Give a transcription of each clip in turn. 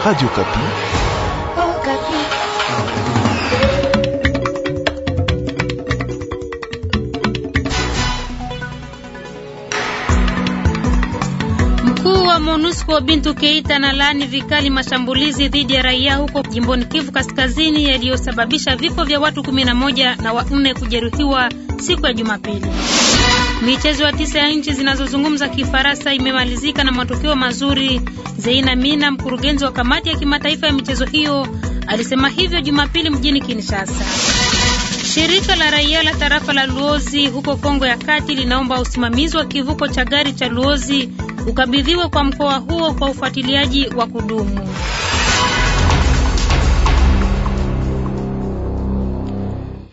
Radio Kapi. Oh, Kapi. Mkuu wa MONUSCO Bintu Keita na laani vikali mashambulizi dhidi ya raia huko Jimboni Kivu Kaskazini yaliyosababisha vifo vya watu 11 na wanne kujeruhiwa siku ya Jumapili. Michezo ya tisa ya nchi zinazozungumza Kifaransa imemalizika na matokeo mazuri. Zeina Mina, mkurugenzi wa kamati ya kimataifa ya michezo hiyo, alisema hivyo Jumapili mjini Kinshasa. Shirika la raia la tarafa la Luozi huko Kongo ya Kati linaomba usimamizi wa kivuko cha gari cha Luozi ukabidhiwe kwa mkoa huo kwa ufuatiliaji wa kudumu.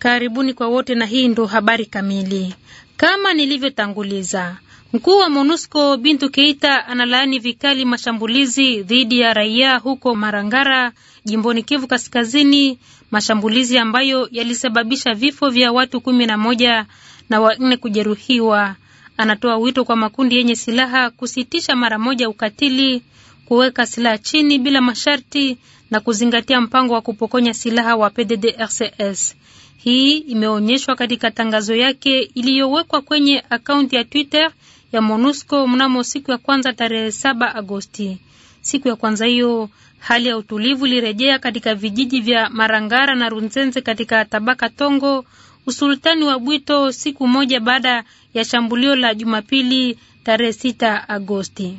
Karibuni kwa wote na hii ndo habari kamili. Kama nilivyotanguliza, mkuu wa MONUSCO Bintu Keita analaani vikali mashambulizi dhidi ya raia huko Marangara, jimboni Kivu Kaskazini, mashambulizi ambayo yalisababisha vifo vya watu kumi na moja na wanne kujeruhiwa. Anatoa wito kwa makundi yenye silaha kusitisha mara moja ukatili, kuweka silaha chini bila masharti na kuzingatia mpango wa kupokonya silaha wa PDDRCS. Hii imeonyeshwa katika tangazo yake iliyowekwa kwenye akaunti ya Twitter ya MONUSCO mnamo siku ya kwanza tarehe 7 Agosti. Siku ya kwanza hiyo hali ya utulivu ilirejea katika vijiji vya Marangara na Runzenze katika tabaka Tongo, usultani wa Bwito, siku moja baada ya shambulio la Jumapili tarehe 6 Agosti.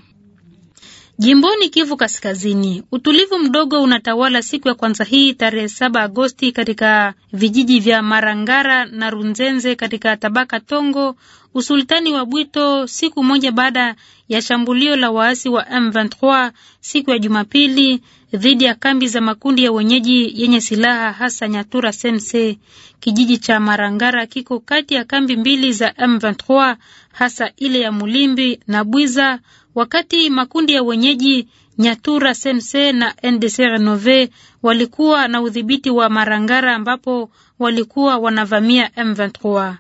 Jimboni Kivu Kaskazini, utulivu mdogo unatawala siku ya kwanza hii tarehe saba Agosti katika vijiji vya Marangara na Runzenze katika tabaka Tongo, usultani wa Bwito, siku moja baada ya shambulio la waasi wa M23 siku ya Jumapili dhidi ya kambi za makundi ya wenyeji yenye silaha hasa Nyatura SMC. Kijiji cha Marangara kiko kati ya kambi mbili za M23 hasa ile ya Mulimbi na Bwiza wakati makundi ya wenyeji Nyatura Sense na NDC Renove walikuwa na udhibiti wa Marangara ambapo walikuwa wanavamia M23.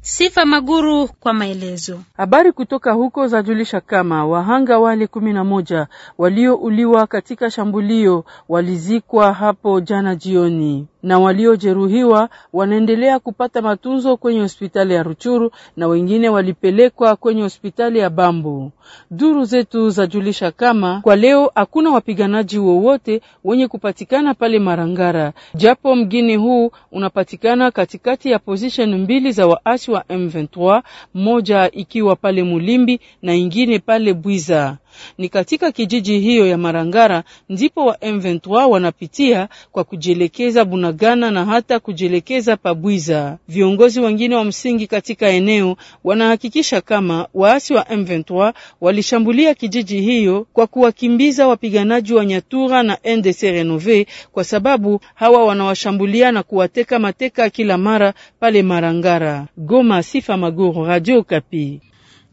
Sifa Maguru kwa maelezo. Habari kutoka huko zajulisha kama wahanga wale kumi na moja waliouliwa katika shambulio walizikwa hapo jana jioni na waliojeruhiwa wanaendelea kupata matunzo kwenye hospitali ya Ruchuru na wengine walipelekwa kwenye hospitali ya Bambu. Duru zetu zajulisha kama kwa leo hakuna wapiganaji wowote wenye kupatikana pale Marangara, japo mgini huu unapatikana katikati ya position mbili za waasi wa M23, moja ikiwa pale Mulimbi na ingine pale Bwiza. Ni katika kijiji hiyo ya Marangara ndipo wa M23 wanapitia kwa kujielekeza Bunagana na hata kujielekeza Pabwiza. Viongozi wengine wa msingi katika eneo wanahakikisha kama waasi wa M23 walishambulia kijiji hiyo kwa kuwakimbiza wapiganaji wa Nyatura na NDC Renove kwa sababu hawa wanawashambulia na kuwateka mateka kila mara pale Marangara. Goma, Sifa Maguru, Radio Kapi.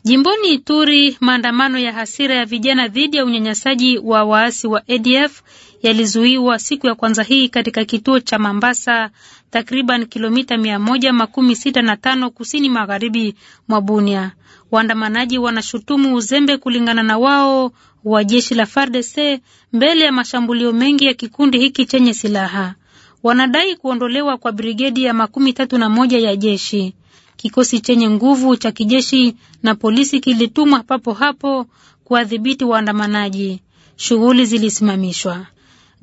Jimboni Ituri, maandamano ya hasira ya vijana dhidi ya unyanyasaji wa waasi wa ADF yalizuiwa siku ya kwanza hii katika kituo cha Mambasa, takriban kilomita mia moja makumi sita na tano kusini magharibi mwa Bunia. Waandamanaji wanashutumu uzembe, kulingana na wao, wa jeshi la FARDC mbele ya mashambulio mengi ya kikundi hiki chenye silaha. Wanadai kuondolewa kwa brigedi ya makumi tatu na moja ya jeshi. Kikosi chenye nguvu cha kijeshi na polisi kilitumwa papo hapo kuwadhibiti waandamanaji. Shughuli zilisimamishwa.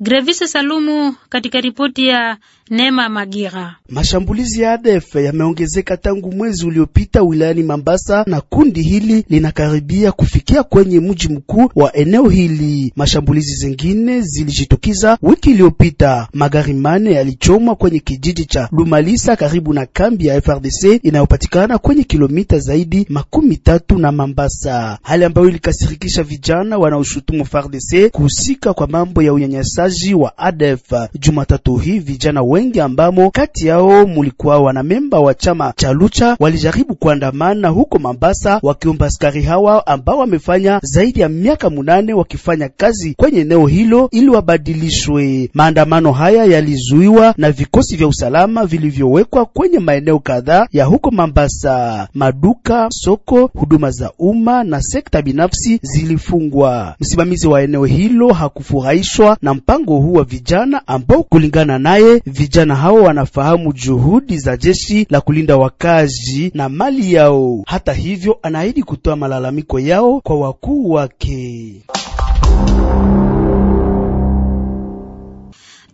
Grevise Salumu katika ripoti ya Nema Magira. Mashambulizi ya ADF yameongezeka tangu mwezi uliopita wilayani Mambasa na kundi hili linakaribia kufikia kwenye mji mkuu wa eneo hili. Mashambulizi zingine zilijitokeza wiki iliyopita. Magari mane yalichomwa kwenye kijiji cha Lumalisa karibu na kambi ya FRDC inayopatikana kwenye kilomita zaidi makumi tatu na Mambasa, hali ambayo ilikasirikisha vijana wanaoshutumu FRDC kuhusika kwa mambo ya unyanyasaji wakazi wa ADF uh, Jumatatu hii vijana wengi ambamo kati yao mulikuwa memba wa chama cha Lucha walijaribu kuandamana huko Mambasa wakiomba askari hawa ambao wamefanya zaidi ya miaka munane wakifanya kazi kwenye eneo hilo ili wabadilishwe. Maandamano haya yalizuiwa na vikosi vya usalama vilivyowekwa kwenye maeneo kadhaa ya huko Mambasa. Maduka, soko, huduma za umma na sekta binafsi zilifungwa. Msimamizi wa eneo hilo hakufurahishwa na mpango mpango huu wa vijana ambao kulingana naye vijana hao wanafahamu juhudi za jeshi la kulinda wakazi na mali yao. Hata hivyo, anaahidi kutoa malalamiko yao kwa wakuu wake.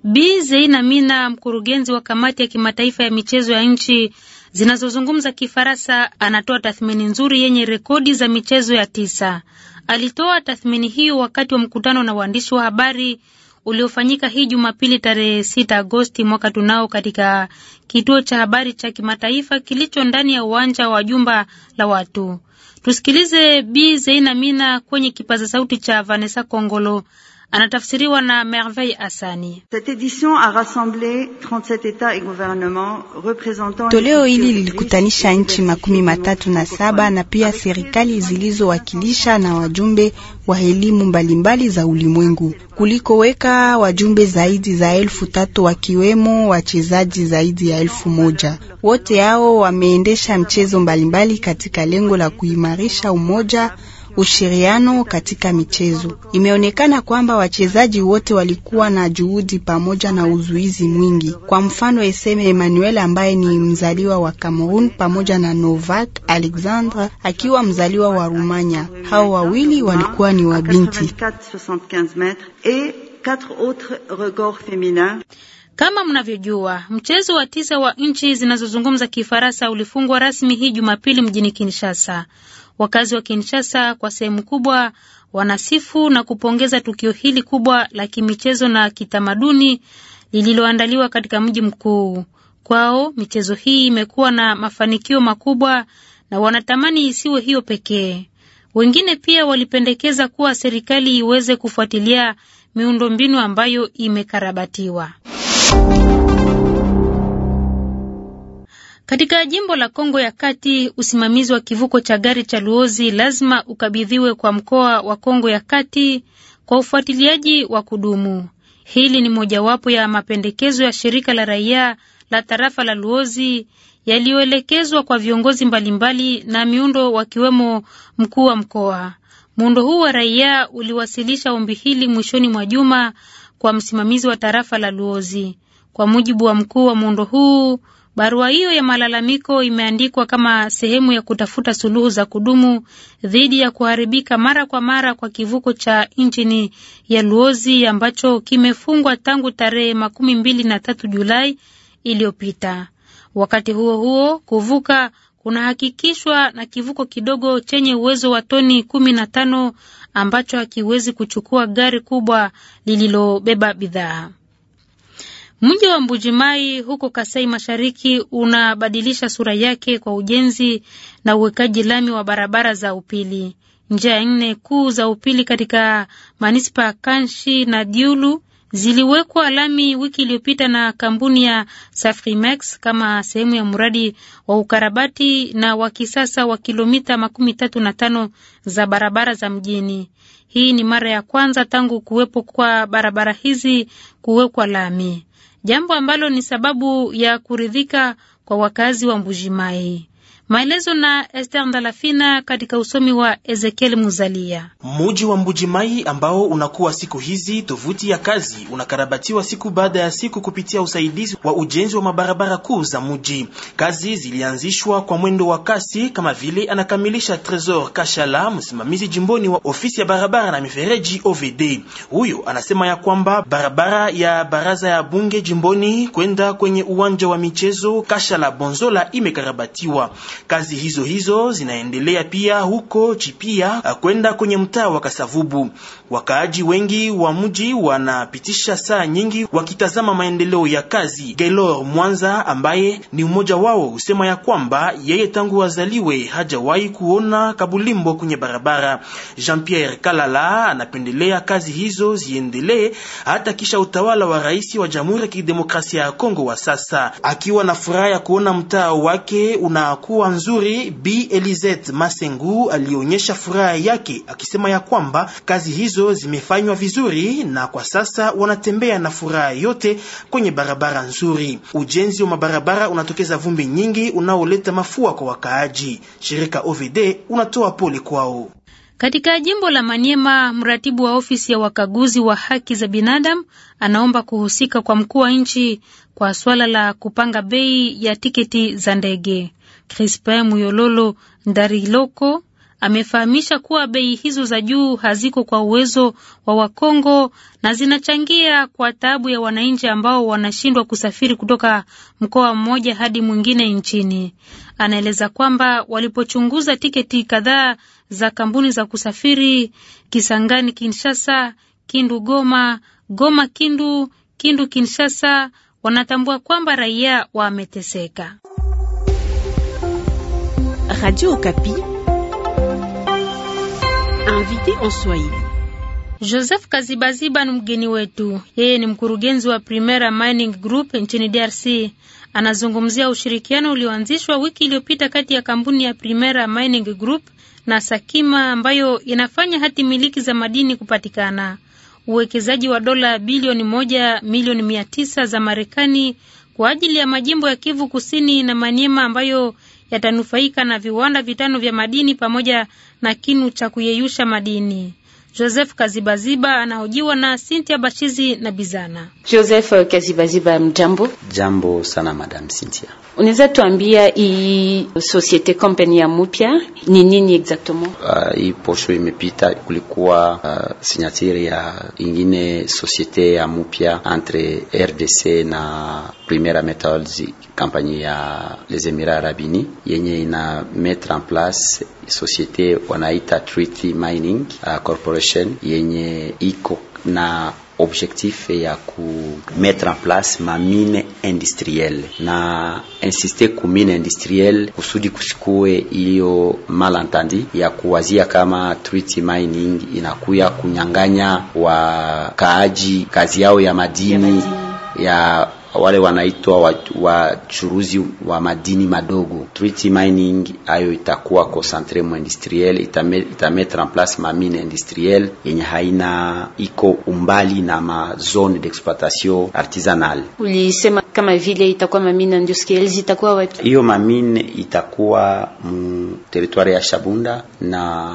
Bi Zeina Mina, mkurugenzi wa kamati ya kimataifa ya michezo ya nchi zinazozungumza Kifaransa, anatoa tathmini nzuri yenye rekodi za michezo ya tisa. Alitoa tathmini hiyo wakati wa mkutano na waandishi wa habari uliofanyika hii Jumapili tarehe 6 Agosti mwaka tunao katika kituo cha habari cha kimataifa kilicho ndani ya uwanja wa jumba la watu. Tusikilize Bi Zeina Mina kwenye kipaza sauti cha Vanessa Kongolo anatafsiriwa na Merveille Asani. Toleo hili lilikutanisha nchi makumi matatu na saba na pia serikali zilizowakilisha na wajumbe wa elimu mbalimbali za ulimwengu, kulikoweka wajumbe zaidi za elfu tatu wakiwemo wachezaji zaidi ya elfu moja. Wote hao wameendesha mchezo mbalimbali katika lengo la kuimarisha umoja ushiriano katika michezo. Imeonekana kwamba wachezaji wote walikuwa na juhudi pamoja na uzuizi mwingi. Kwa mfano, Eseme Emmanuel ambaye ni mzaliwa wa Cameroon pamoja na Novak Alexandre akiwa mzaliwa wa Rumania. Hao wawili walikuwa ni wabinti kama mnavyojua mchezo wa tisa wa nchi zinazozungumza Kifaransa ulifungwa rasmi hii Jumapili mjini Kinshasa. Wakazi wa Kinshasa kwa sehemu kubwa wanasifu na kupongeza tukio hili kubwa la kimichezo na kitamaduni lililoandaliwa katika mji mkuu. Kwao michezo hii imekuwa na mafanikio makubwa na wanatamani isiwe hiyo pekee. Wengine pia walipendekeza kuwa serikali iweze kufuatilia miundombinu ambayo imekarabatiwa. Katika jimbo la Kongo ya Kati, usimamizi wa kivuko cha gari cha Luozi lazima ukabidhiwe kwa mkoa wa Kongo ya Kati kwa ufuatiliaji wa kudumu. Hili ni mojawapo ya mapendekezo ya shirika la raia la tarafa la Luozi yaliyoelekezwa kwa viongozi mbalimbali na miundo wakiwemo mkuu wa mkoa. Muundo huu wa raia uliwasilisha ombi hili mwishoni mwa juma kwa msimamizi wa tarafa la Luozi. Kwa mujibu wa mkuu wa muundo huu, Barua hiyo ya malalamiko imeandikwa kama sehemu ya kutafuta suluhu za kudumu dhidi ya kuharibika mara kwa mara kwa kivuko cha injini ya Luozi ambacho kimefungwa tangu tarehe makumi mbili na tatu Julai iliyopita. Wakati huo huo, kuvuka kunahakikishwa na kivuko kidogo chenye uwezo wa toni kumi na tano ambacho hakiwezi kuchukua gari kubwa lililobeba bidhaa. Mji wa Mbujimai huko Kasai Mashariki unabadilisha sura yake kwa ujenzi na uwekaji lami wa barabara za upili. Njia nne kuu za upili katika manispa ya Kanshi na Diulu ziliwekwa lami wiki iliyopita na kampuni ya Safrimex kama sehemu ya mradi wa ukarabati na wa kisasa wa kilomita makumi tatu na tano za barabara za mjini. Hii ni mara ya kwanza tangu kuwepo kwa barabara hizi kuwekwa lami jambo ambalo ni sababu ya kuridhika kwa wakazi wa Mbujimai. Maelezo na Esther Ndalafina katika usomi wa Ezekiel Muzalia. Muji wa Mbujimai ambao unakuwa siku hizi tovuti ya kazi unakarabatiwa siku baada ya siku kupitia usaidizi wa ujenzi wa mabarabara kuu za muji. Kazi zilianzishwa kwa mwendo wa kasi, kama vile anakamilisha Tresor Kashala, msimamizi jimboni wa ofisi ya barabara na mifereji OVD. Huyo anasema ya kwamba barabara ya baraza ya bunge jimboni kwenda kwenye uwanja wa michezo Kashala Bonzola imekarabatiwa. Kazi hizo hizo zinaendelea pia huko Chipia uh, kwenda kwenye mtaa wa Kasavubu. Wakaaji wengi wa mji wanapitisha saa nyingi wakitazama maendeleo ya kazi. gelor Mwanza ambaye ni mmoja wao husema ya kwamba yeye tangu azaliwe hajawahi kuona kabulimbo kwenye barabara. Jean Pierre Kalala anapendelea kazi hizo ziendelee hata kisha utawala wa rais wa Jamhuri ya Kidemokrasia ya Kongo wa sasa, akiwa na furaha ya kuona mtaa wake unakuwa hatua nzuri. Bi elizet Masengu alionyesha furaha yake akisema ya kwamba kazi hizo zimefanywa vizuri na kwa sasa wanatembea na furaha yote kwenye barabara nzuri. Ujenzi wa mabarabara unatokeza vumbi nyingi unaoleta mafua kwa wakaaji. Shirika OVD unatoa pole kwao. Katika jimbo la Maniema, mratibu wa ofisi ya wakaguzi wa haki za binadamu anaomba kuhusika kwa mkuu wa nchi kwa swala la kupanga bei ya tiketi za ndege. Crispin Muyololo Ndariloko amefahamisha kuwa bei hizo za juu haziko kwa uwezo wa Wakongo na zinachangia kwa taabu ya wananchi ambao wanashindwa kusafiri kutoka mkoa mmoja hadi mwingine nchini anaeleza kwamba walipochunguza tiketi kadhaa za kampuni za kusafiri Kisangani Kinshasa, Kindu Goma, Goma Kindu, Kindu Kinshasa, wanatambua kwamba raia wameteseka. Radio Okapi, invité en Swahili. Joseph Kazibaziba ni mgeni wetu. Yeye ni mkurugenzi wa Primera Mining Group nchini DRC. Anazungumzia ushirikiano ulioanzishwa wiki iliyopita kati ya kampuni ya Primera Mining Group na Sakima ambayo inafanya hati miliki za madini kupatikana. Uwekezaji wa dola bilioni moja milioni mia tisa za Marekani kwa ajili ya majimbo ya Kivu Kusini na Maniema ambayo yatanufaika na viwanda vitano vya madini pamoja na kinu cha kuyeyusha madini. Joseph Kazibaziba anahojiwa na Cynthia Bashizi na Bizana. Joseph Kazibaziba, mjambo. Jambo sana Madam Cynthia. Unaweza tuambia hii societe company ya mupya ni nini exactement? Uh, hii posho imepita, kulikuwa uh, ah, signature ya ingine societe ya mupya entre RDC na Primera Metals kampani ya Les Emirats Arabini yenye ina mettre en place societe wanaita Treaty Mining uh, Corporation Foundation yenye iko na objectif ya ku mettre en place mamine industrielle na insiste ku mine industrielle kusudi kusikue hiyo malantandi ya kuwazia kama treaty mining inakuya kunyang'anya wakaaji kazi yao ya madini ya wale wanaitwa wachuruzi wa, wa madini madogo. Treaty mining ayo itakuwa concentre mu industriel, itametre en place mamine industriel yenye haina iko umbali na mazone d'exploitation artisanal. Ulisema kama vile itakuwa mamine industriel zitakuwa wapi? Hiyo mamine itakuwa mu territoire ya Shabunda na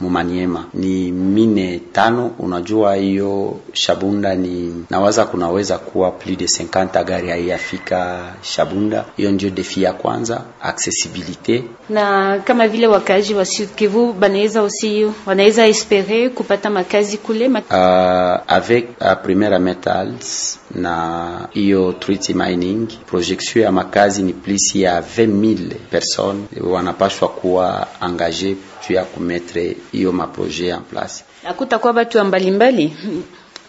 mumaniema ni mine tano. Unajua hiyo Shabunda ni nawaza kunaweza kuwa plus de 50 gari haiyafika Shabunda. Hiyo ndio defi ya kwanza, accessibility. Na kama vile wakazi wa Sud Kivu banaweza aussi wanaweza espere kupata makazi kule mak uh, avec uh, ah, Primera Metals na hiyo Treaty Mining projection ya makazi ni plus ya 20000 personnes wanapaswa kuwa engage tu ya kumetre hiyo euh, maprojet en place. Akutakuwa batu mbalimbali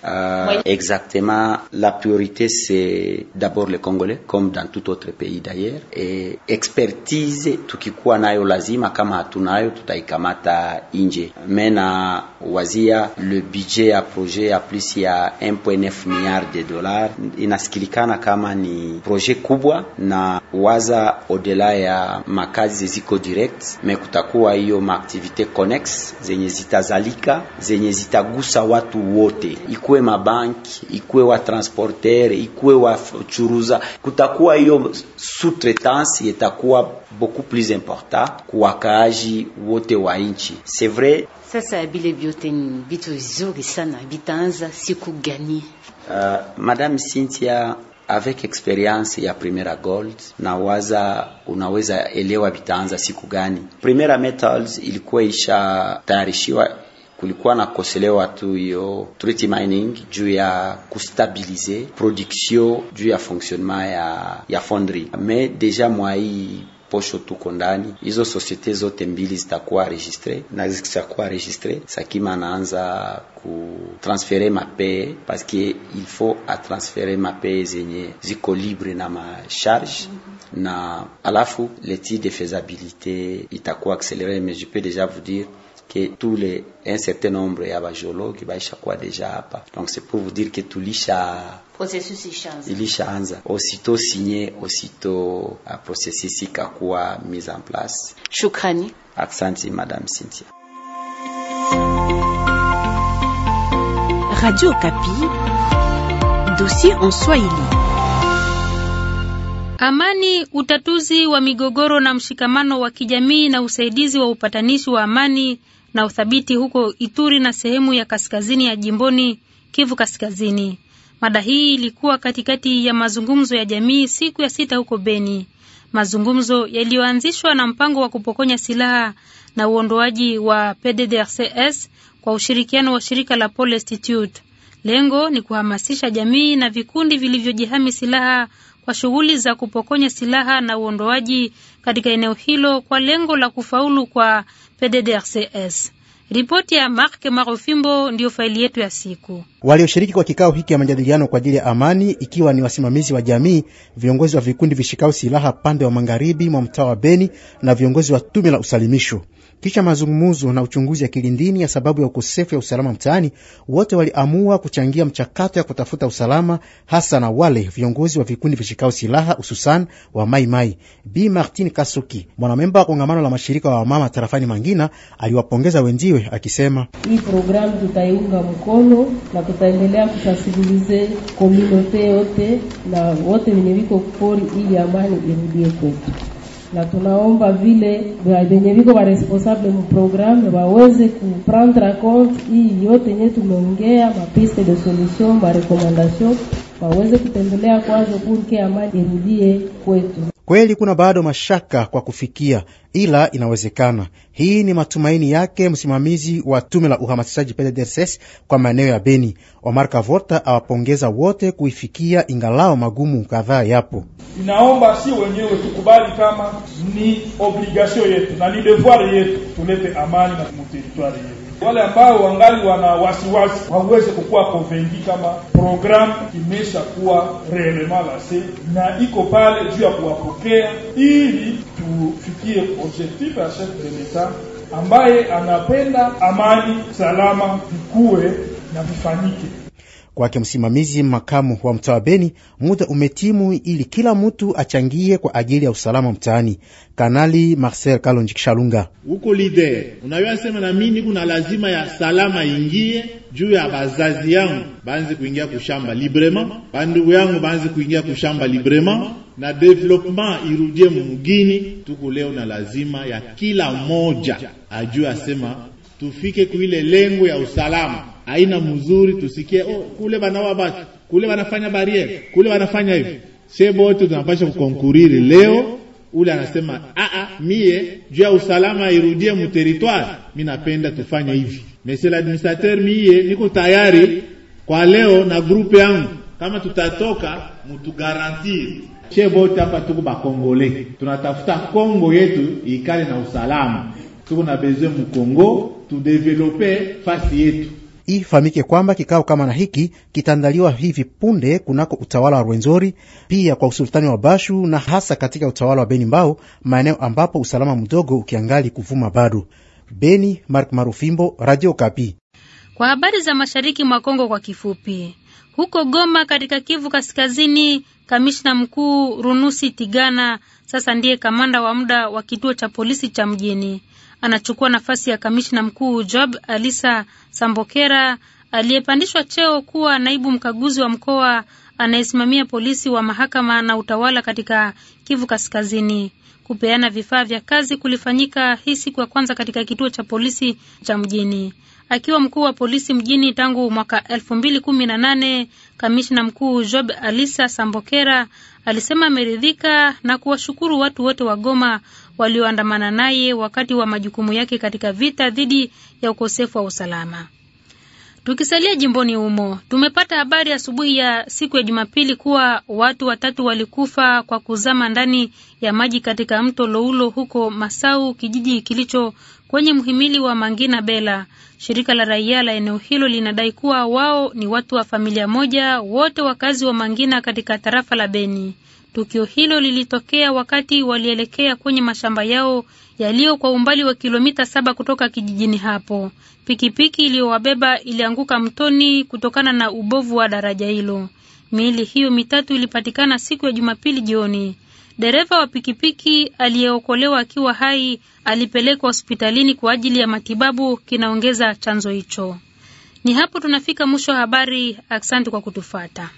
Euh, exactement, la priorité c'est d'abord les Congolais, comme dans tout autre pays d'ailleurs, et expertise tukikuwa nayo lazima, kama hatunayo tutaikamata nje. Mena wazia le budget à projet ya plus a 1.9 milliard de dollars inasikilikana kama ni projet kubwa, na waza odela ya makazi ziko direct, me kutakuwa ma activité connex zenye Zalika, zenye gusa watu wote ikuwe mabanki, ikuwe wa transporter, ikuwe wa churuza, kutakuwa hiyo sutretansi itakuwa beaucoup plus important kuwakaaji wote wa nchi. C'est vrai. Sasa bile vyote ni vitu vizuri sana, vitaanza siku gani? Uh, Madame Cynthia avec experience ya Primera Gold na waza unaweza elewa vitaanza siku gani. Primera Metals ilikuwa isha tayarishiwa kulikuwa na koselewa tu hiyo treaty mining juu ya kustabilize production juu ya fonctionnement ya, ya fonderie me deja mwai posho tuko ndani, hizo societe zote mbili zitakuwa registre na m'a registre, Sakima transférer ma parce que il faut atransfere que je ziko libre na masharge charge à na alafu l'étude de faisabilité itakuwa accélérée, mais je peux déjà vous dire que tule un certain nombre ya bajologi baishakuwa deja hapa, donc c'est pour vous dire que tulisha processus ishaanza ilishaanza osito sinye osito euh, processus ikakuwa mise en place. Shukrani, asante Madame Cynthia. Radio Kapi, dossier en Swahili. Amani, utatuzi wa migogoro na mshikamano wa kijamii na usaidizi wa upatanishi wa amani na uthabiti huko Ituri na sehemu ya kaskazini ya jimboni Kivu Kaskazini. Mada hii ilikuwa katikati ya mazungumzo ya jamii siku ya sita huko Beni, mazungumzo yaliyoanzishwa na mpango wa kupokonya silaha na uondoaji wa PDDRCS kwa ushirikiano wa shirika la Paul Institute. Lengo ni kuhamasisha jamii na vikundi vilivyojihami silaha kwa shughuli za kupokonya silaha na uondoaji katika eneo hilo kwa lengo la kufaulu kwa PDDRCS. Ripoti ya Mark Marofimbo ndiyo faili yetu ya siku. Walioshiriki kwa kikao hiki ya majadiliano kwa ajili ya amani, ikiwa ni wasimamizi wa jamii, viongozi wa vikundi vishikao silaha pande wa magharibi mwa mtaa wa Beni na viongozi wa tume la usalimisho. Kisha mazungumuzo na uchunguzi ya kilindini ya sababu ya ukosefu ya usalama mtaani, wote waliamua kuchangia mchakato ya kutafuta usalama, hasa na wale viongozi wa vikundi vishikao silaha hususan wa Maimai. Bi Martin Kasuki, mwanamemba wa kongamano la mashirika wa wamama tarafani Mangina, aliwapongeza wenziwe akisema, hii programu tutaiunga mkono na tutaendelea kutansibilize komunote yote na wote wenye viko kupori ili amani irudie kwetu na tunaomba vile venye viko wa responsable mu waweze kuprendre compte hii yote yenye tumeongea, mapiste de solution, marekomandation, waweze kutembelea kwazo, purke amani irudie kwetu. Kweli kuna bado mashaka kwa kufikia, ila inawezekana. Hii ni matumaini yake msimamizi wa tume la uhamasishaji PDDRCS kwa maeneo ya Beni, Omar Kavota, awapongeza wote kuifikia, ingalao magumu kadhaa yapo. Inaomba si wenyewe tukubali kama ni obligation yetu na ni devoir yetu, tulete amani na muteritwari yetu wale ambao wangali wana wasiwasi waweze kukuwa konvengi kama programu kuwa reelema lase na iko pale juu ya kuwapokea, ili tufikie objectif ya chef de l'etat ambaye anapenda amani, salama vikue na vifanyike. Kwake msimamizi makamu wa mtaa wa Beni, muda umetimu ili kila mtu achangie kwa ajili ya usalama mtaani. Kanali Marcel Kalonji Kishalunga huko lider unayosema na mimi kuna lazima ya salama ingie juu ya bazazi yangu banzi kuingia kushamba librema, bandugu yangu banzi kuingia kushamba librema na development irudie mugini tuku leo, na lazima ya kila moja ajue asema tufike kuile lengo ya usalama haina mzuri, tusikie oh, kule banawa batu kule wanafanya bariere kule wanafanya hivi, shebo wote tunapasha kukonkuriri leo ule anasema aa, ah, ah, mie juu ya usalama irudie mu territoire, mimi napenda tufanye hivi. Monsieur l'administrateur, mie niko tayari kwa leo na grupe yangu, kama tutatoka mutugarantir shebote. Hapa tuko bakongole, tunatafuta Kongo yetu ikale na usalama, tuko na besoin mu Kongo tudevelope fasi yetu Ifahamike kwamba kikao kama na hiki kitaandaliwa hivi punde kunako utawala wa Rwenzori, pia kwa usultani wa Bashu na hasa katika utawala wa Beni Mbao, maeneo ambapo usalama mdogo ukiangali kuvuma bado. Beni, Mark Marufimbo, Radio Kapi. Kwa habari za mashariki mwa Kongo kwa kifupi, huko Goma katika Kivu Kaskazini, kamishna mkuu Runusi Tigana sasa ndiye kamanda wa muda wa kituo cha polisi cha mjini. Anachukua nafasi ya kamishna mkuu Job Alisa Sambokera aliyepandishwa cheo kuwa naibu mkaguzi wa mkoa anayesimamia polisi wa mahakama na utawala katika Kivu Kaskazini. Kupeana vifaa vya kazi kulifanyika hii siku ya kwanza katika kituo cha polisi cha mjini. Akiwa mkuu wa polisi mjini tangu mwaka elfu mbili kumi na nane, kamishna mkuu Job Alisa Sambokera alisema ameridhika na kuwashukuru watu wote wa Goma walioandamana naye wakati wa majukumu yake katika vita dhidi ya ukosefu wa usalama. Tukisalia jimboni humo, tumepata habari asubuhi ya siku ya Jumapili kuwa watu watatu walikufa kwa kuzama ndani ya maji katika mto Loulo huko Masau, kijiji kilicho kwenye mhimili wa Mangina Bela. Shirika la raia la eneo hilo linadai kuwa wao ni watu wa familia moja, wote wakazi wa Mangina katika tarafa la Beni. Tukio hilo lilitokea wakati walielekea kwenye mashamba yao yaliyo kwa umbali wa kilomita saba kutoka kijijini hapo. Pikipiki iliyowabeba ilianguka mtoni kutokana na ubovu wa daraja hilo. Miili hiyo mitatu ilipatikana siku ya Jumapili jioni. Dereva wa pikipiki aliyeokolewa akiwa hai alipelekwa hospitalini kwa ajili ya matibabu, kinaongeza chanzo hicho. Ni hapo tunafika mwisho wa habari. Asante kwa kutufuata.